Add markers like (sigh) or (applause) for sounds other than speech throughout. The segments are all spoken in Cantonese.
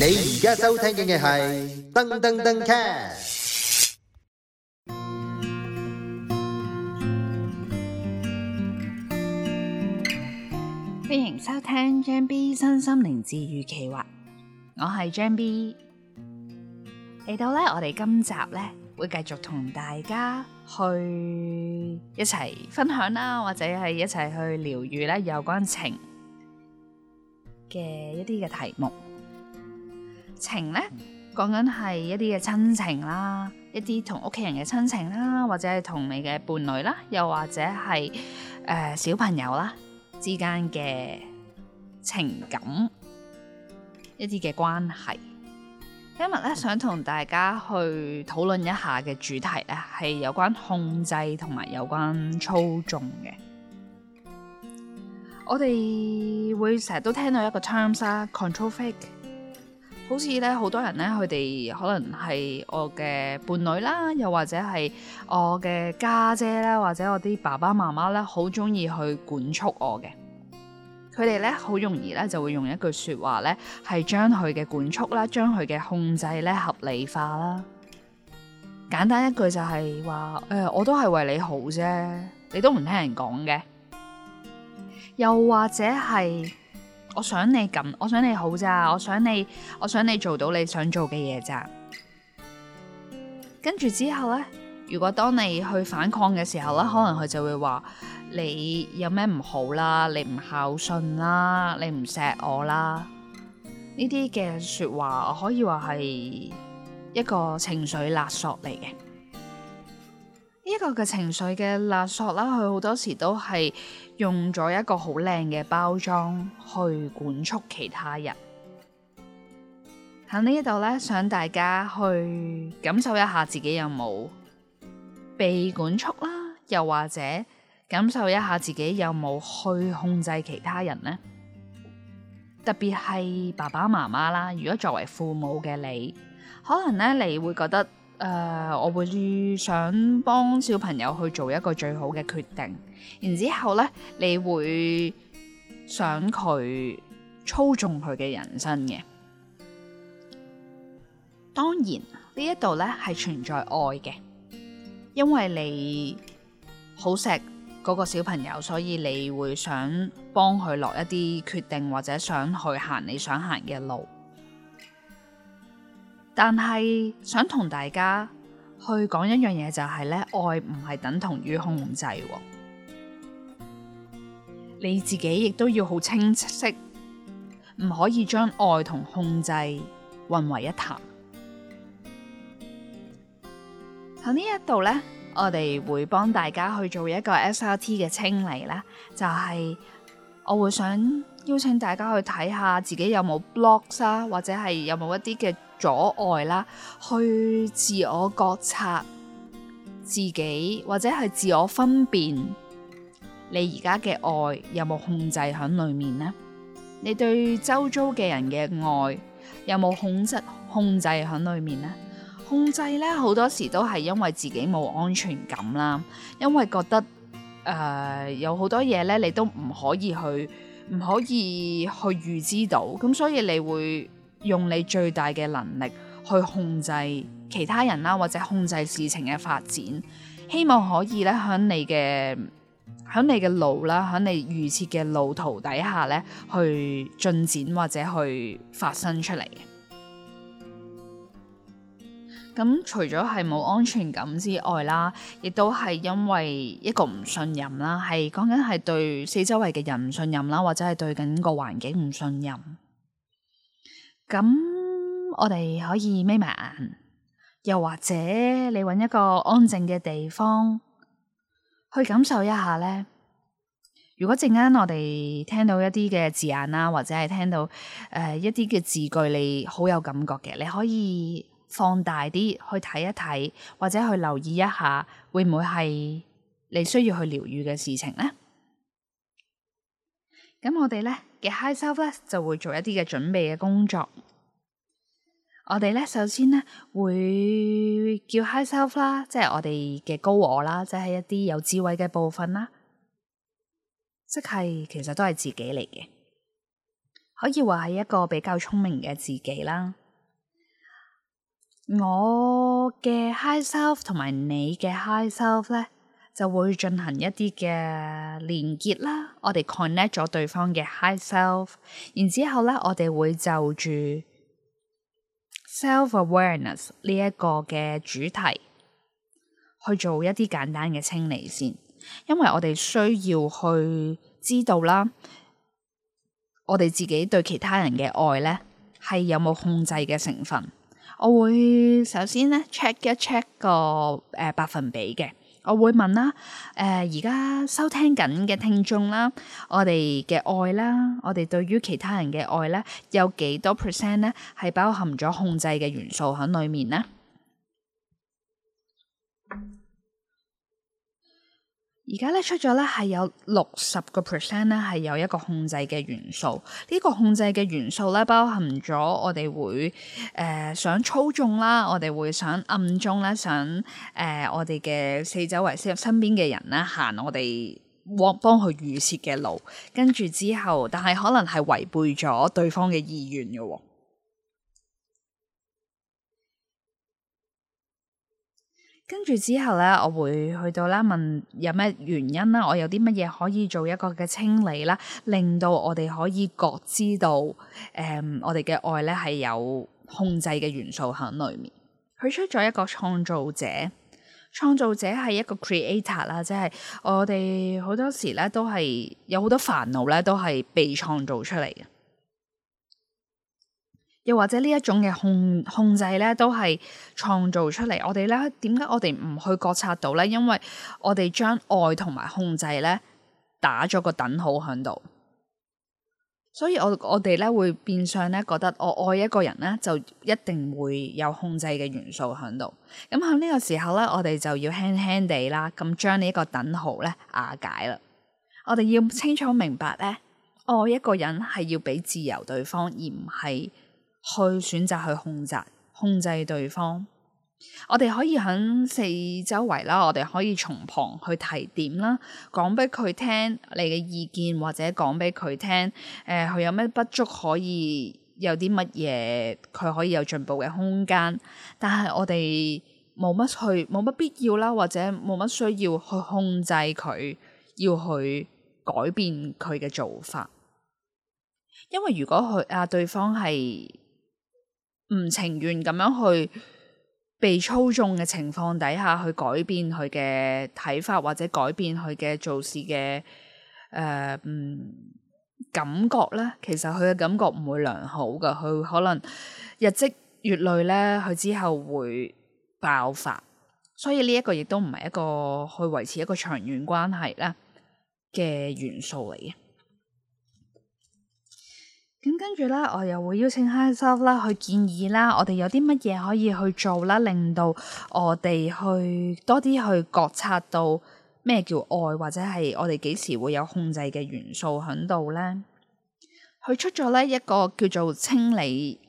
你而家收聽緊嘅係噔噔噔卡，歡迎收聽張 B 身心靈治癒企劃，我係張 B。嚟到咧，我哋今集咧會繼續同大家去一齊分享啦，或者係一齊去療愈咧有關情嘅一啲嘅題目。情咧，講緊係一啲嘅親情啦，一啲同屋企人嘅親情啦，或者係同你嘅伴侶啦，又或者係誒、呃、小朋友啦之間嘅情感，一啲嘅關係。今日咧想同大家去討論一下嘅主題咧，係有關控制同埋有關操縱嘅。我哋會成日都聽到一個 terms 啦，control freak。好似咧，好多人咧，佢哋可能係我嘅伴侶啦，又或者係我嘅家姐啦，或者我啲爸爸媽媽咧，好中意去管束我嘅。佢哋咧，好容易咧就會用一句說話咧，係將佢嘅管束啦，將佢嘅控制咧合理化啦。簡單一句就係話，誒、哎，我都係為你好啫，你都唔聽人講嘅。又或者係。我想你咁，我想你好咋，我想你，我想你做到你想做嘅嘢咋。跟住之後呢，如果當你去反抗嘅時候咧，可能佢就會話你有咩唔好啦，你唔孝順啦，你唔錫我啦，呢啲嘅說話我可以話係一個情緒勒索嚟嘅。呢個嘅情緒嘅勒索啦，佢好多時都係用咗一個好靚嘅包裝去管束其他人。喺呢一度咧，想大家去感受一下自己有冇被管束啦，又或者感受一下自己有冇去控制其他人呢？特別係爸爸媽媽啦，如果作為父母嘅你，可能咧你會覺得。誒，uh, 我會想幫小朋友去做一個最好嘅決定，然之後呢，你會想佢操縱佢嘅人生嘅。當然，呢一度呢係存在愛嘅，因為你好錫嗰個小朋友，所以你會想幫佢落一啲決定，或者想去行你想行嘅路。但係想同大家去講一樣嘢，就係咧愛唔係等同於控制。哦，你自己亦都要好清晰，唔可以將愛同控制混為一談。喺呢一度呢，我哋會幫大家去做一個 SRT 嘅清理啦，就係、是、我會想邀請大家去睇下自己有冇 blocks 啊，或者係有冇一啲嘅。阻礙啦，去自我覺察自己，或者係自我分辨你而家嘅愛有冇控制喺裡面呢？你對周遭嘅人嘅愛有冇控制？控制喺裡面呢？控制呢好多時都係因為自己冇安全感啦，因為覺得誒、呃、有好多嘢呢，你都唔可以去，唔可以去預知到，咁所以你會。用你最大嘅能力去控制其他人啦，或者控制事情嘅發展，希望可以咧響你嘅響你嘅路啦，響你預設嘅路途底下咧去進展或者去發生出嚟。咁 (noise) 除咗係冇安全感之外啦，亦都係因為一個唔信任啦，係講緊，係對四周圍嘅人唔信任啦，或者係對緊個環境唔信任。咁我哋可以眯埋眼，又或者你揾一個安靜嘅地方去感受一下咧。如果陣間我哋聽到一啲嘅字眼啦，或者係聽到誒、呃、一啲嘅字句，你好有感覺嘅，你可以放大啲去睇一睇，或者去留意一下，會唔會係你需要去療愈嘅事情咧？咁我哋咧。嘅 high self 咧就會做一啲嘅準備嘅工作。我哋咧首先咧會叫 high self 啦，即係我哋嘅高我啦，即係一啲有智慧嘅部分啦，即係其實都係自己嚟嘅，可以話係一個比較聰明嘅自己啦。我嘅 high self 同埋你嘅 high self 咧，就會進行一啲嘅連結啦。我哋 connect 咗對方嘅 high self，然之後咧，我哋會就住 self awareness 呢一個嘅主題去做一啲簡單嘅清理先，因為我哋需要去知道啦，我哋自己對其他人嘅愛咧係有冇控制嘅成分。我會首先咧 check 一 check 個誒、uh, 百分比嘅。我會問啦，誒，而家收聽緊嘅聽眾啦，我哋嘅愛啦，我哋對於其他人嘅愛咧，有幾多 percent 咧係包含咗控制嘅元素喺裡面呢？而家咧出咗咧，係有六十個 percent 咧，係有一個控制嘅元素。呢、呢個控制嘅元素咧，包含咗我哋會誒想操縱啦，我哋會想暗中咧想誒、呃，我哋嘅四周圍身身邊嘅人咧行我哋幫佢預設嘅路，跟住之後，但係可能係違背咗對方嘅意願嘅、哦。跟住之後咧，我會去到啦，問有咩原因啦，我有啲乜嘢可以做一個嘅清理啦，令到我哋可以覺知到誒、嗯，我哋嘅愛咧係有控制嘅元素喺裏面。佢出咗一個創造者，創造者係一個 creator 啦，即係我哋好多時咧都係有好多煩惱咧都係被創造出嚟嘅。又或者呢一種嘅控控制咧，都係創造出嚟。我哋咧點解我哋唔去覺察到咧？因為我哋將愛同埋控制咧打咗個等號喺度，所以我我哋咧會變相咧覺得我愛一個人咧就一定會有控制嘅元素喺度。咁喺呢個時候咧，我哋就要輕輕地啦，咁將呢一個等號咧瓦解啦。我哋要清楚明白咧，愛一個人係要俾自由對方，而唔係去選擇去控制，控制對方，我哋可以喺四周圍啦，我哋可以從旁去提點啦，講俾佢聽你嘅意見，或者講俾佢聽，誒、呃、佢有咩不足，可以有啲乜嘢佢可以有進步嘅空間。但係我哋冇乜去，冇乜必要啦，或者冇乜需要去控制佢，要去改變佢嘅做法，因為如果佢啊對方係。唔情願咁樣去被操縱嘅情況底下去改變佢嘅睇法，或者改變佢嘅做事嘅誒嗯感覺咧，其實佢嘅感覺唔會良好噶，佢可能日積月累咧，佢之後會爆發，所以呢一個亦都唔係一個去維持一個長遠關係咧嘅元素嚟嘅。咁跟住咧，我又會邀請 Heather 啦去建議啦，我哋有啲乜嘢可以去做啦，令到我哋去多啲去覺察到咩叫愛，或者係我哋幾時會有控制嘅元素響度咧？佢出咗呢一個叫做清理。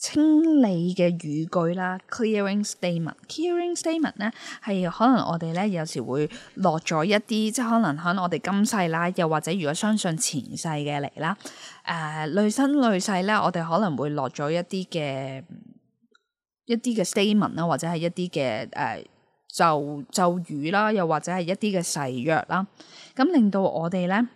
清理嘅語句啦，clearing statement，clearing statement 咧係可能我哋咧有時會落咗一啲，即係可能喺我哋今世啦，又或者如果相信前世嘅嚟啦，誒、呃、累生累世咧，我哋可能會落咗一啲嘅一啲嘅 statement 啦，或者係一啲嘅誒咒咒語啦，又或者係一啲嘅誓約啦，咁令到我哋咧。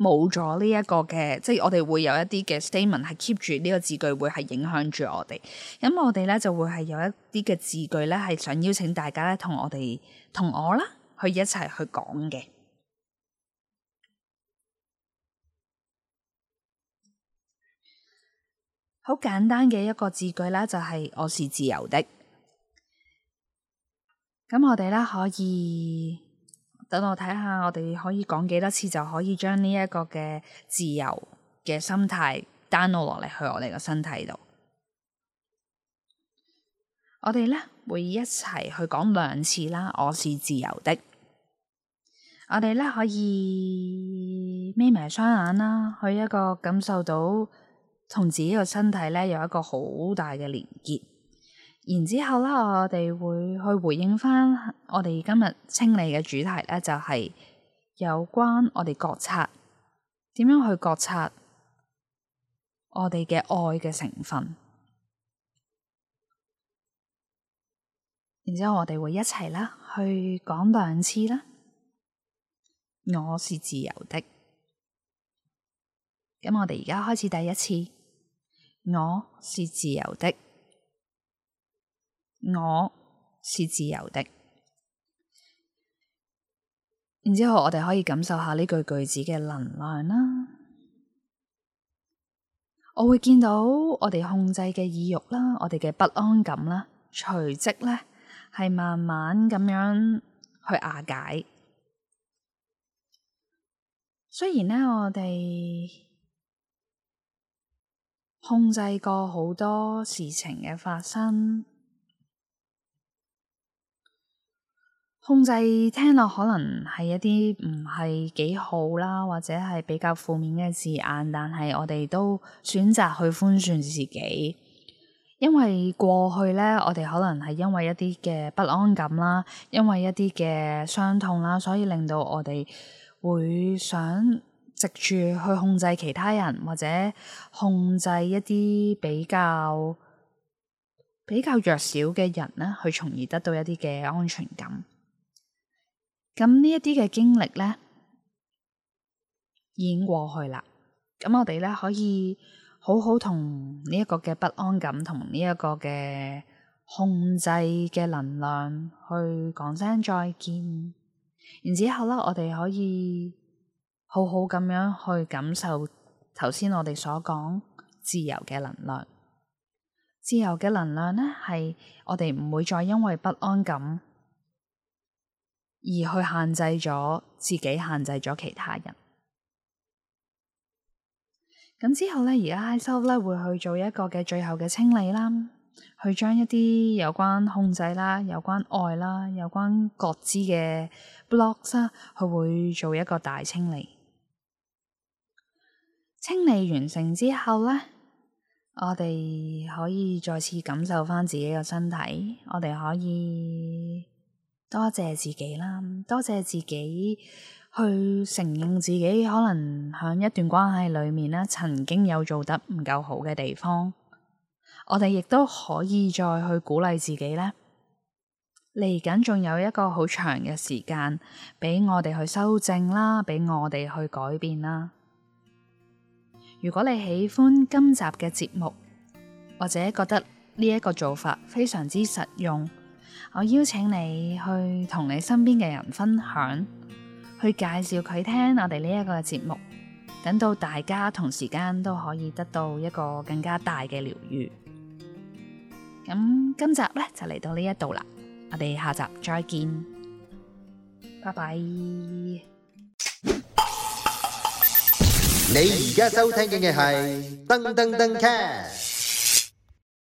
冇咗呢一個嘅，即係我哋會有一啲嘅 statement 係 keep 住呢個字句會係影響住我哋，咁我哋咧就會係有一啲嘅字句咧係想邀請大家咧同我哋同我啦去一齊去講嘅，好簡單嘅一個字句啦，就係我是自由的，咁我哋咧可以。等我睇下，我哋可以講幾多次就可以將呢一個嘅自由嘅心態 download 落嚟去我哋個身體度。我哋咧會一齊去講兩次啦，我是自由的我呢。我哋咧可以眯埋雙眼啦，去一個感受到同自己個身體咧有一個好大嘅連結。然之後咧，我哋會去回應返我哋今日清理嘅主題咧，就係有關我哋覺察點樣去覺察我哋嘅愛嘅成分。然之後我哋會一齊啦，去講兩次啦。我是自由的。咁我哋而家開始第一次，我是自由的。我是自由的，然之後我哋可以感受下呢句句子嘅能量啦。我會見到我哋控制嘅意欲啦，我哋嘅不安感啦，隨即呢係慢慢咁樣去瓦解。雖然呢，我哋控制過好多事情嘅發生。控制聽落可能係一啲唔係幾好啦，或者係比較負面嘅字眼。但係我哋都選擇去寬恕自己，因為過去咧，我哋可能係因為一啲嘅不安感啦，因為一啲嘅傷痛啦，所以令到我哋會想藉住去控制其他人，或者控制一啲比較比較弱小嘅人咧，去從而得到一啲嘅安全感。咁呢一啲嘅經歷咧，已經過去啦。咁我哋咧，可以好好同呢一個嘅不安感同呢一個嘅控制嘅能量去講聲再見。然之後咧，我哋可以好好咁樣去感受頭先我哋所講自由嘅能量。自由嘅能量咧，係我哋唔會再因為不安感。而去限制咗自己，限制咗其他人。咁之後呢，而家 self 呢會去做一個嘅最後嘅清理啦，去將一啲有關控制啦、有關愛啦、有關覺知嘅 block 啦，佢會做一個大清理。清理完成之後呢，我哋可以再次感受翻自己嘅身體，我哋可以。多謝自己啦，多謝自己去承認自己可能喺一段關係裡面咧，曾經有做得唔夠好嘅地方。我哋亦都可以再去鼓勵自己咧。嚟緊仲有一個好長嘅時間俾我哋去修正啦，俾我哋去改變啦。如果你喜歡今集嘅節目，或者覺得呢一個做法非常之實用。我邀請你去同你身邊嘅人分享，去介紹佢聽我哋呢一個節目，等到大家同時間都可以得到一個更加大嘅療癒。咁今集咧就嚟到呢一度啦，我哋下集再見，拜拜。你而家收聽嘅係噔噔噔 c a